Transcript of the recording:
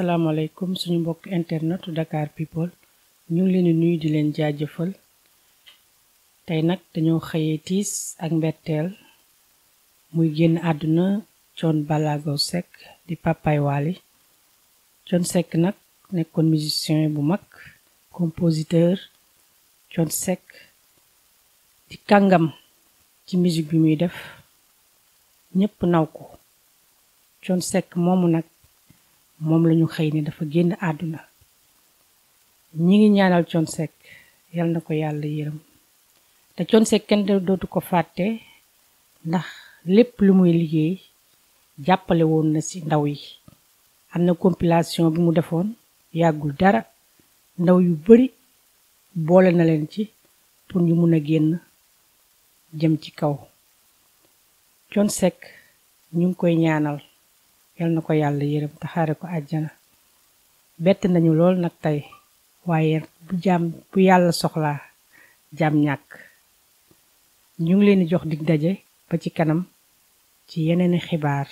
asalaamaaleykum suñu mbokk internet Dakar People ñu ngi leen di nuyu di leen jëfal tey nag dañoo xëyee tiis ak mbetteel muy génn àdduna Thione Ballago Seck di papay Wally Thione Seck nag nekkoon musicien bu mag compositeur Thione Seck di kàngam ci musique bi muy def ñépp naw ko Thione Seck moomu nag moom lañu xëy ni dafa génn àdduna ñi ngi ñaanal Thione Seck yal na ko yàlla yërëm te Thione Seck kenn dootu ko fàtte ndax lépp lu muy liggéey jàppale woon na ci ndaw yi am na compilation bi mu defoon yàggul dara ndaw yu bari boole na leen ci pour ñu mun a génn jëm ci kaw Thione Seck ñu ngi koy ñaanal yal na ko yàlla yërëm taxaare ko àjjana bett nañu lool nag tey waaye bu jàmm bu yàlla soxlaa jàmm ñàkk ñu ngi leen di jox dig daje ba ci kanam ci yeneeni xibaar